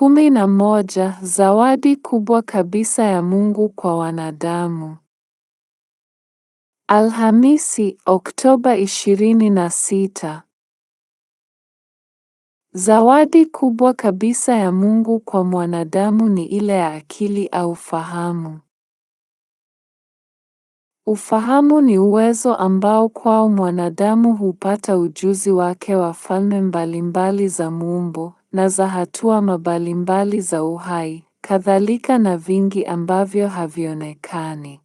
kumi na moja zawadi kubwa kabisa ya Mungu kwa wanadamu. Alhamisi, Oktoba 26. Zawadi kubwa kabisa ya Mungu kwa mwanadamu ni ile ya akili au fahamu. Ufahamu ni uwezo ambao kwao mwanadamu hupata ujuzi wake wa falme mbalimbali za muumbo, na za hatua mbalimbali za uhai, kadhalika na vingi ambavyo havionekani.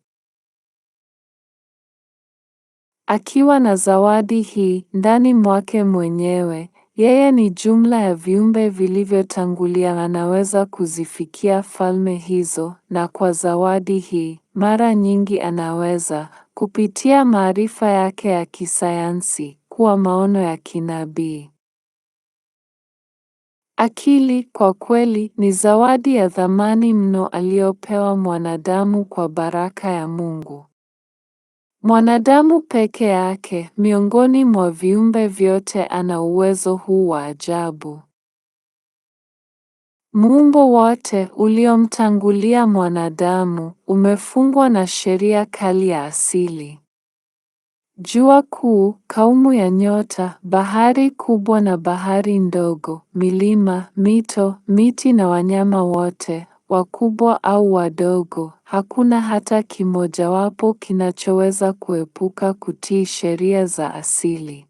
Akiwa na zawadi hii ndani mwake mwenyewe, yeye ni jumla ya viumbe vilivyotangulia anaweza kuzifikia falme hizo, na kwa zawadi hii, mara nyingi anaweza, kupitia maarifa yake ya kisayansi, kuwa maono ya kinabii. Akili kwa kweli ni zawadi ya thamani mno aliyopewa mwanadamu kwa baraka ya Mungu. Mwanadamu peke yake miongoni mwa viumbe vyote ana uwezo huu wa ajabu. Muumbo wote uliomtangulia mwanadamu umefungwa na sheria kali ya asili. Jua kuu, kaumu ya nyota, bahari kubwa na bahari ndogo, milima, mito, miti na wanyama wote, wakubwa au wadogo, hakuna hata kimojawapo kinachoweza kuepuka kutii sheria za asili.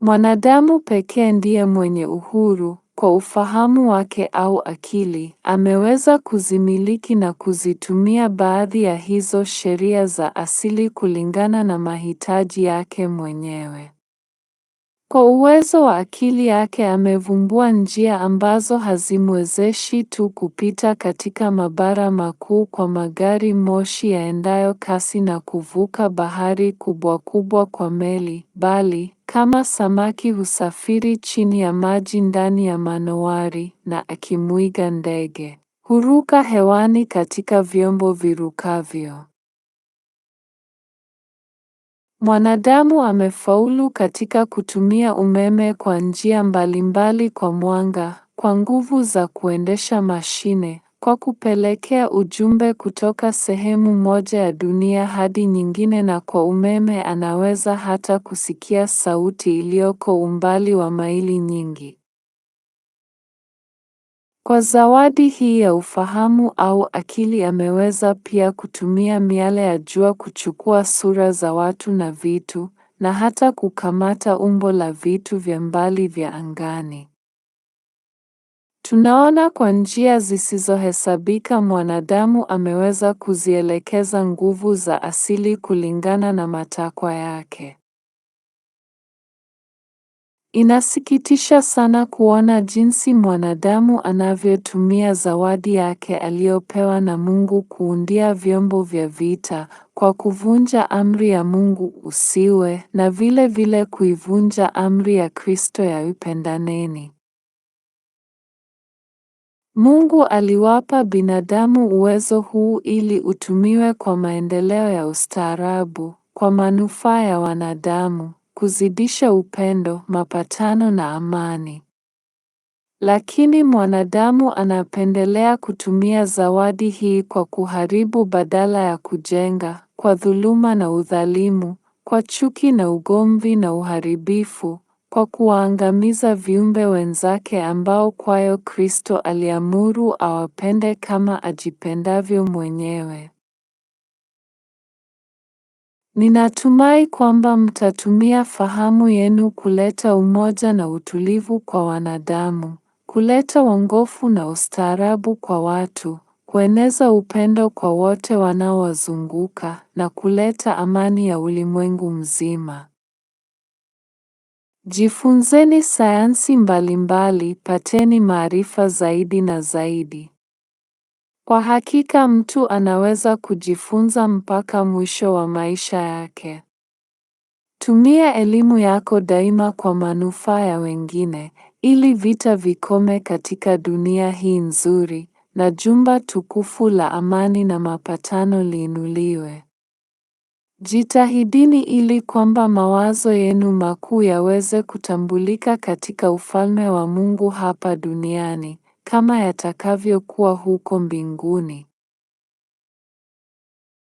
Mwanadamu pekee ndiye mwenye uhuru, kwa ufahamu wake au akili, ameweza kuzimiliki na kuzitumia baadhi ya hizo sheria za asili kulingana na mahitaji yake mwenyewe. Kwa uwezo wa akili yake amevumbua njia ambazo hazimwezeshi tu kupita katika mabara makuu kwa magari moshi yaendayo kasi na kuvuka bahari kubwa kubwa kwa meli, bali kama samaki husafiri chini ya maji ndani ya manowari, na akimwiga ndege, huruka hewani katika vyombo virukavyo. Mwanadamu amefaulu katika kutumia umeme kwa njia mbalimbali kwa mwanga, kwa nguvu za kuendesha mashine, kwa kupelekea ujumbe kutoka sehemu moja ya dunia hadi nyingine na kwa umeme anaweza hata kusikia sauti iliyoko umbali wa maili nyingi. Kwa zawadi hii ya ufahamu au akili ameweza pia kutumia miale ya jua kuchukua sura za watu na vitu, na hata kukamata umbo la vitu vya mbali vya angani. Tunaona kwa njia zisizohesabika mwanadamu ameweza kuzielekeza nguvu za asili kulingana na matakwa yake. Inasikitisha sana kuona jinsi mwanadamu anavyotumia zawadi yake aliyopewa na Mungu kuundia vyombo vya vita, kwa kuvunja amri ya Mungu usiwe na vile vile kuivunja amri ya Kristo ya upendaneni. Mungu aliwapa binadamu uwezo huu ili utumiwe kwa maendeleo ya ustaarabu, kwa manufaa ya wanadamu kuzidisha upendo, mapatano na amani. Lakini mwanadamu anapendelea kutumia zawadi hii kwa kuharibu badala ya kujenga, kwa dhuluma na udhalimu, kwa chuki na ugomvi na uharibifu, kwa kuwaangamiza viumbe wenzake ambao kwayo Kristo aliamuru awapende kama ajipendavyo mwenyewe. Ninatumai kwamba mtatumia fahamu yenu kuleta umoja na utulivu kwa wanadamu, kuleta wangofu na ustaarabu kwa watu, kueneza upendo kwa wote wanaowazunguka na kuleta amani ya ulimwengu mzima. Jifunzeni sayansi mbalimbali, pateni maarifa zaidi na zaidi. Kwa hakika mtu anaweza kujifunza mpaka mwisho wa maisha yake. Tumia elimu yako daima kwa manufaa ya wengine, ili vita vikome katika dunia hii nzuri, na jumba tukufu la amani na mapatano liinuliwe. Jitahidini ili kwamba mawazo yenu makuu yaweze kutambulika katika ufalme wa Mungu hapa duniani, kama yatakavyokuwa huko mbinguni.